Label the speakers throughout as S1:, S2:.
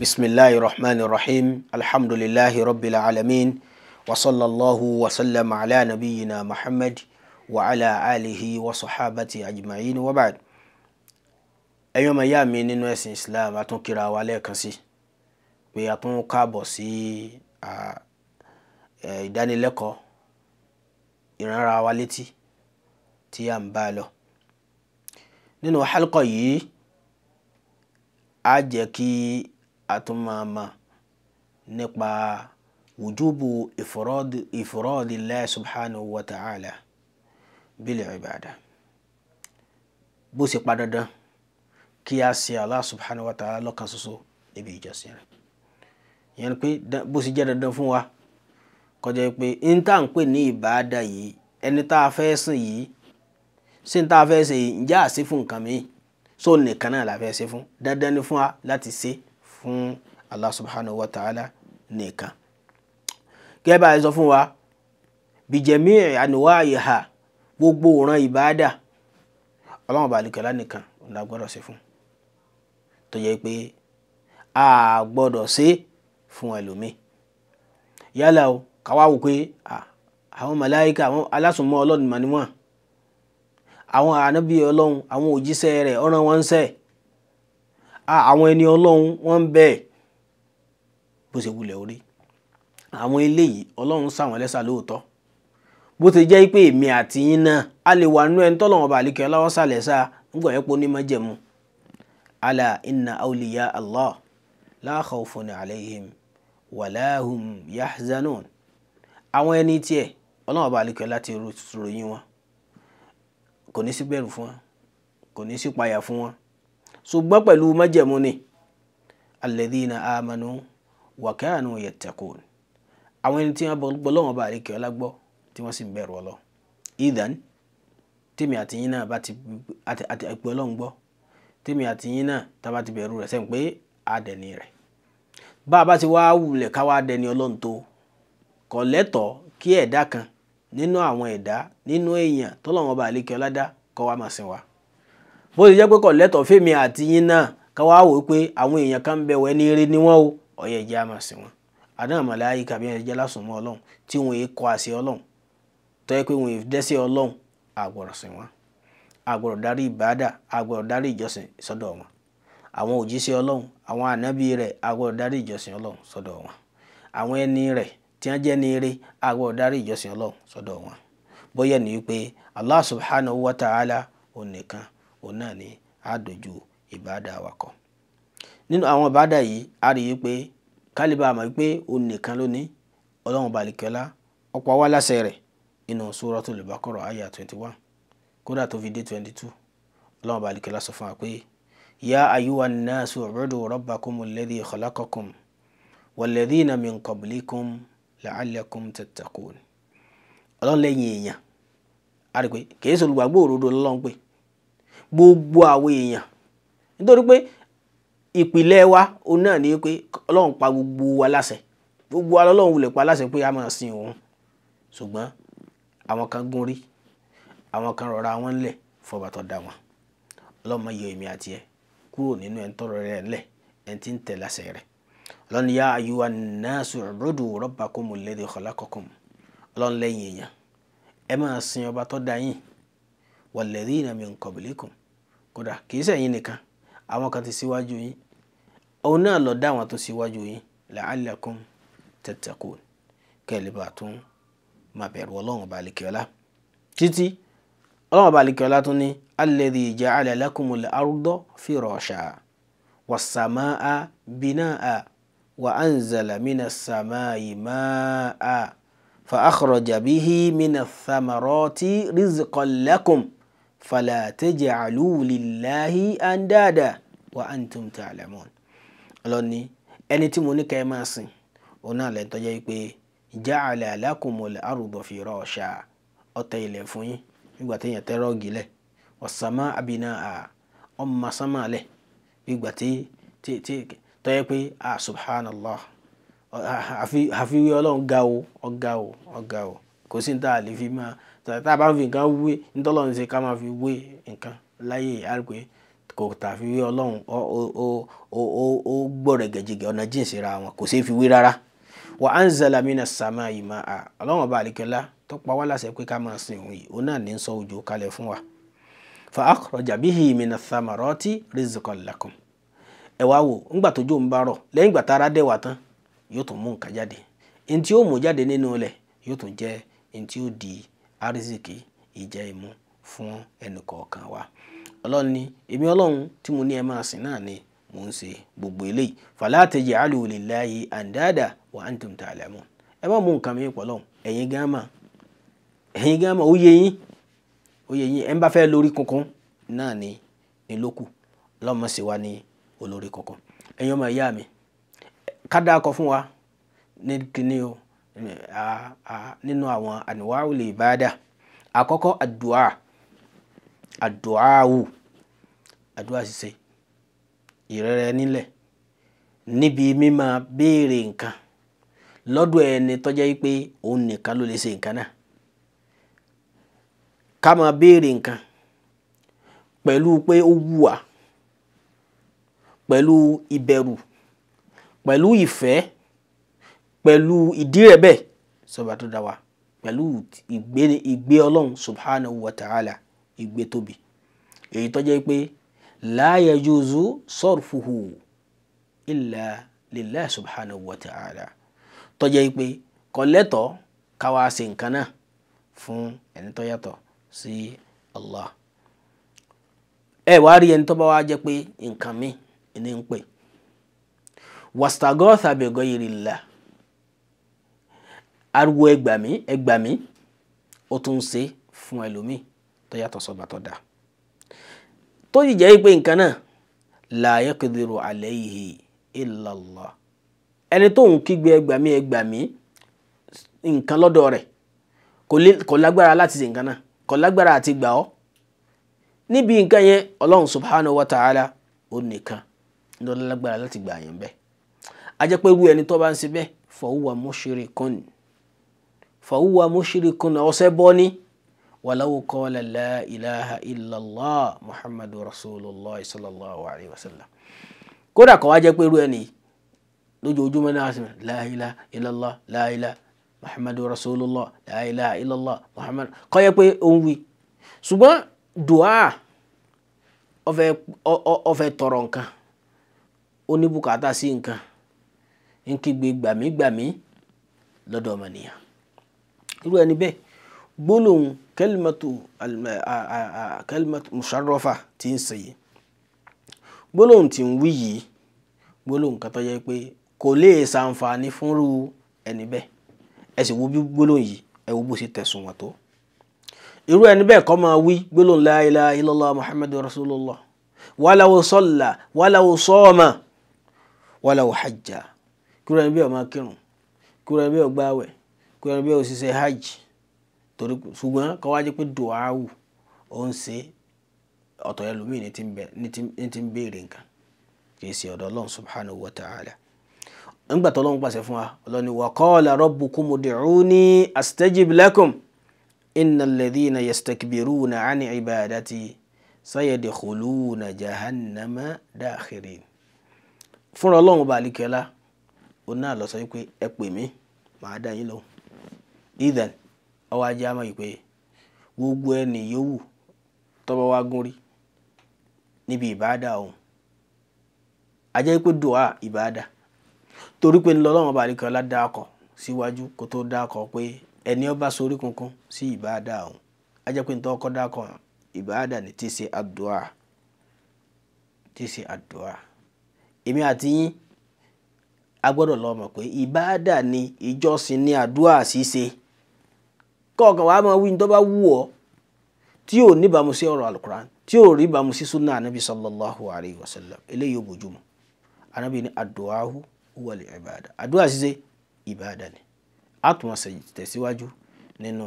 S1: بسم الله الرحمن الرحيم الحمد لله رب العالمين وصلى الله وسلم على نبينا محمد وعلى آله وصحابته أجمعين وبعد ẹ̀yin ọmọ ìyá mi nínú ẹ̀sìn Islam a tún kíra wa lẹ́ẹ̀kan sí pé a tún káàbọ̀ sí ìdánilẹ́kọ̀ọ́ ìránra wa létí tí a ń bá lọ nínú hálkọ̀ yìí a jẹ́ kí a tún máa ma nípa wujubu ifradillahi subhanahu wa ta'ala bil ibada bó ṣe pa dandan kí a ṣe Allah subhanahu wa ta'ala lọ́kan ṣoṣo níbi ìjọsìn rẹ̀ ìyẹn pé bó ṣe jẹ́ dandan fún wa kọjá pé n tá à ń pè ní ìbáadà yìí ẹni tá a fẹ́ sìn yìí sí n tá a fẹ́ ṣe yìí ǹjẹ́ àṣẹ fún nǹkan mi so nìkan náà la fẹ́ ṣe fún dandan ni fún wa láti ṣe fún allah subhanahu wa ta'ala nìkan. gẹ́gẹ́ bá a sọ fún wa bìjẹ̀mí àníwá gbogbo òran ìbáàdà ọlọ́run bàálùkẹ́lá nìkan la gbọ́dọ̀ ṣe fún tó yẹ pé a gbọ́dọ̀ ṣe fún ẹlòmíì yálà o káwá wò pé àwọn màláíkà àwọn alásùnmọ́ ọlọ́run mà ni àwọn ànábì ọlọ́run wọn ń àwọn ẹni ọlọ́run wọ́n ń bẹ́ẹ̀ bó ṣe wulẹ̀ orí àwọn eléyìí ọlọ́run sàwọn ẹlẹ́sà lóòótọ́ bó ti jẹ́ pé èmi àti yín náà a lè wà nú ẹni tọ́lọ́wọ́n bá àlekẹ́ ọlọ́wọ́ sàlẹ̀ sá ńgbọ̀n yẹn pọ̀ ní májẹ̀mú ala inna awliya allah la khawfun alayhim wala hum yahzanun àwọn ẹni tiẹ̀ ọlọ́wọ́n bá àlekẹ́ láti ròyìn wọn kò ní sí bẹ̀rù fún wọn kò ní sí payà fún wọn ṣùgbọ́n pẹ̀lú májẹ̀mú ni alladhina amanu wa kanu yattaqun àwọn ẹni tí wọ́n gbọ́ lọ́wọ́ bá àríkẹ́ ọlágbọ́ tí wọ́n sì ń bẹ̀rù ọlọ́ idan tèmi àti yín náà bá ti àti ọlọ́run gbọ́ tèmi àti náà tá a bá ti bẹ̀rù rẹ̀ sẹ́yìn pé a rẹ̀ bá a bá ti wá wulẹ̀ ká wá dẹni ọlọ́run tó kò lẹ́tọ̀ọ́ kí ẹ̀dá kan nínú àwọn ẹ̀dá nínú èèyàn tọ́lọ́wọ́n bá àríkẹ́ ọlá dá kọ́ wá máa sìn wa. bó ti jẹ́ pé kọ̀ lẹ́tọ̀ọ́ fèmí àti yín náà ká wá wò pé àwọn èèyàn kan bẹ̀ wẹ́ ní eré ni wọ́n o ìjẹ́ sí wọn àdáhùn màláyé kàbí ẹni jẹ́ lásùnmọ́ ọlọ́run tí wọn èé kọ àṣẹ ọlọ́run tó yẹ pé wọn èé dẹ́sẹ̀ wọn àgbọ̀rọ̀ darí ìbáàdà àgbọ̀rọ̀ darí ìjọsìn sọ́dọ̀ wọn àwọn òjíṣẹ́ ọlọ́run àwọn ànábì rẹ̀ àgbọ̀rọ̀ darí ìjọsìn ọlọ́run sọ́dọ̀ wọn àwọn ẹni rẹ̀ tí wọ́n jẹ́ ní eré àgbọ̀rọ̀ darí ìjọsìn ọlọ́run sọ́dọ̀ wọn ta'ala òun náà ni a dojú ìbáàdà wa kọ nínú àwọn ìbáàdà yìí a rí i pé kálíbà àmọ́ pé òun nìkan ló ní ọlọ́run balikẹ́lá ọ̀pọ̀ wa láṣẹ rẹ̀ nínú Suratul Baqarah àyà twenty one kódà tó fi dé twenty two ọlọ́run balikẹ́lá sọ fún wa pé ya ayyuhan nasu ubudu rabbakumul ladhi khalaqakum walladhina min qablikum la'allakum tattaqun ọlọ́run lẹ́yìn èèyàn a rí i pé kìí ṣe olùgbàgbọ́ òrodo ọlọ́run pé gbogbo àwọn èèyàn nítorí pé ìpìlẹ̀ wa òun náà ni pé ọlọ́run pa gbogbo wa láṣẹ gbogbo wa lọ́lọ́run wulẹ̀ pa láṣẹ pé a máa sin òun ṣùgbọ́n àwọn kan gún rí àwọn kan rọra wọn lẹ̀ fọba tó dá wọn ọlọ́run máa yọ èmi àti ẹ kúrò nínú ẹni tọrọ rẹ lẹ̀ ẹni tí ń tẹ̀ láṣẹ rẹ ọlọ́run yá ayúwa náà sùn ròdù rabbakumu alladhi khalaqakum ọlọ́run lẹ́yìn èèyàn ẹ máa sin ọba tó dá yín walladhina min qablikum kódà kìí ṣẹ̀yin nìkan àwọn kan ti síwájú yín òun náà ló dá àwọn tó síwájú yín la'allakum tattaqun kẹ́lẹ́bà tún máa bẹ̀rù ọlọ́run ọba àlekèọ́lá títí ọlọ́run ọba àlekèọ́lá tún ní alladhi ja'ala lakumul arda firasha was-samaa binaa wa anzala minas samaa'i maa'a fa akhraja bihi minath thamarati rizqan lakum fala taj'alu lillahi andada wa antum ta'lamun ọlọ́ni ẹni tí mo ní ká ẹ máa sìn òun náà lẹ́tọ́ jẹ́ pé ja'ala lakumul arda firasha ọ̀tẹ̀ ilẹ̀ fún yín nígbà téèyàn tẹ́ rọ́ọ̀gì lẹ̀ ọ̀sàmá abina'a ọmọ sánmà lẹ̀ nígbà tí tí tí tọ́yẹ pé ah subhanallah àfi àfi ọlọ́run ga o ọ̀gá o ọ̀gá o kò sí ní tá a lè fi máa tata a fi nǹkan wé fi wé nkan láyé àgbẹ̀ kò tàfi wé ọlọ́run ó gbọ́rọ̀ gẹ̀jẹ̀gẹ̀ ọ̀nà jìn síra wọn kò fi rárá. wa anzala minas samai ma'a ọlọ́run ọba àlekẹ́lá tó pa wá láṣẹ pé ká máa sin òun yìí fún wa. fa ẹ wá wò ńgbà ń tára tán yóò tún mú nǹkan jáde mú jáde nínú di àrísìkí ìjẹ ìmu fún ẹnì kọ̀ọ̀kan wa ọlọ́run ni èmi ọlọ́run tí mo ní ẹ máa sìn náà ni mò ń ṣe gbogbo eléyìí fala taj'alu lillahi andada wa antum ta'lamun ẹ má mú nǹkan mi pọ̀ lọ́hùn ẹ̀yin gáàmà ẹ̀yin gáàmà ó yẹ yín ó yẹ yín ẹ̀ ń bá fẹ́ lórí kankan náà ni ni lókù lọ́mọ sì wá ní olórí kankan ẹ̀yin ọmọ ìyá mi ká dáa kọ fún wa ní kíní o nínú àwọn àníwáwò lè bá dà àkọ́kọ́ àdùá àdùáwù àdùá ṣiṣẹ́ ìrẹ́rẹ́ nílẹ̀ níbi mímọ béèrè nǹkan lọ́dọ̀ ẹni tọ́jẹ́ pé òun nìkan ló lè ṣe nǹkan náà ká máa béèrè nǹkan pẹ̀lú pé ó wù pẹ̀lú ìbẹ̀rù pẹ̀lú ìfẹ́ pẹ̀lú ìdí rẹ̀ bẹ́ẹ̀ sọba tó dá wa pẹ̀lú ìgbé ìgbé ọlọ́run subhanahu wa ta'ala ìgbé tóbi èyí tó jẹ́ pé la yajuzu sarfuhu illa lillahi subhanahu wa ta'ala tó jẹ́ pé kò lẹ́tọ̀ọ́ ká wá ṣe nǹkan náà fún ẹni tó yàtọ̀ sí Allah ẹ wá rí ẹni tó bá wá jẹ́ pé nǹkan mi ni ń pè wastaghatha bi ghayrillah ariwo ẹgbàmí ẹgbàmí ó tún ń ṣe fún ẹlòmíì tó yàtọ̀ sọ́gbà tó dáa tó sì jẹ́ pé nǹkan náà la yaqdiru alayhi illa Allah ẹni tó ń kígbe ẹgbàmí ẹgbàmí nǹkan lọ́dọ̀ rẹ̀ kò lágbára láti ṣe nǹkan náà kò lágbára àti gbà ọ́ níbi nǹkan yẹn ọlọ́run subhanahu wa ta'ala ó nìkan ló lágbára láti gbà yẹn bẹ́ẹ̀ a ẹni tó bá ń ṣe bẹ́ẹ̀ fa huwa mushrikun fàwùwà mushrikun ọ̀sẹ̀ bọ́ ni wàláwù qala la ilaha illallah muhammadu rasulillah sallallahu alayhi wa sallam kódà kọ́ wá jẹ́ pé irú ẹni lójoojúmọ́ náà sí la ilaha illallah la ilaha muhammadu rasulillah la ilaha illallah muhammadu kọ́ yẹ pé òun wí ṣùgbọ́n dùá ó fẹ́ tọrọ nǹkan ó ní bùkátà sí nǹkan ń kígbe gbàmígbàmí lọ́dọ̀ ọmọnìyàn irú ẹni bẹ́ẹ̀ gbólóhùn kẹlímàtò kẹlímàtò musharrafa tí ń sè yìí gbólóhùn tí ń wí yìí gbólóhùn kan tó yẹ pé kò lè ṣàǹfààní fúnrú ẹni bẹ́ẹ̀ ẹ sì wo bí gbólóhùn yìí ẹ wo bó ṣe tẹ̀sùn wọn tó irú ẹni bẹ́ẹ̀ kọ́ máa wí gbólóhùn la ilaha muhammadu rasulullah walaw salla walaw soma walaw hajja kúrò ẹni bẹ́ẹ̀ ó máa kírun kúrò ẹni bẹ́ẹ̀ ó gbààwẹ̀ kó ẹni bẹ́ẹ̀ ó sì ṣe hajj torí ṣùgbọ́n kọ́ wá jẹ́ pé duawu ó ń ṣe ọ̀tọ̀ ẹlòmíì ní ti ń béèrè nǹkan kì í ṣe ọ̀dọ̀ ọlọ́run subhanahu wa ta'ala ńgbà tó lọ́run pàṣẹ fún wa ọlọ́run ni wa qala rabbukum ud'uni astajib lakum innal ladhina yastakbiruna 'an ibadati sayadkhuluna jahannama dakhirin fúnra ọlọ́run bá ó náà lọ sọ pé ẹ pè mí màá dá yín lóhùn idan ọwọ́ ajé àmọ́ ìpè gbogbo ẹni yòówù tọ́bọ̀ wá gún rí níbi ìbáàdà òun ajẹ́ pé dùá ìbáàdà torí pé ńlọ́lọ́wọ́n bá àríkọ́ ọlá síwájú kó tó pé ẹni ọba sorí kunkun sí ìbáàdà ajẹ́ pé ńtọ́ ni a gbọ́dọ̀ mọ̀ pé ni ìjọsìn àdùá ṣíṣe. Si kọ̀ọ̀kan wàá máa wí ní tó bá wù ọ́ tí yóò ní ìbámu sí ọ̀rọ̀ alukuran tí yóò rí ìbámu sí sunna anabi sallallahu alayhi wa sallam eléyìí ò bójú mu anabi ní adu'ahu huwa ibada adu'a ṣíṣe ibada ni a tún máa nínú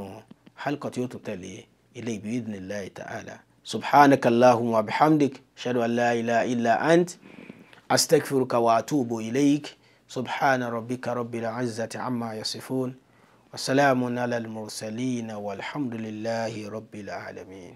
S1: halqa tí yóò tún tẹ̀lé eléyìí bi idhnillahi ta'ala subhanaka allahumma wa bihamdik shadu an la ilaha ant astaghfiruka wa atubu ilayk subhana rabbika rabbil izzati amma yasifun. وسلام على المرسلين والحمد لله رب العالمين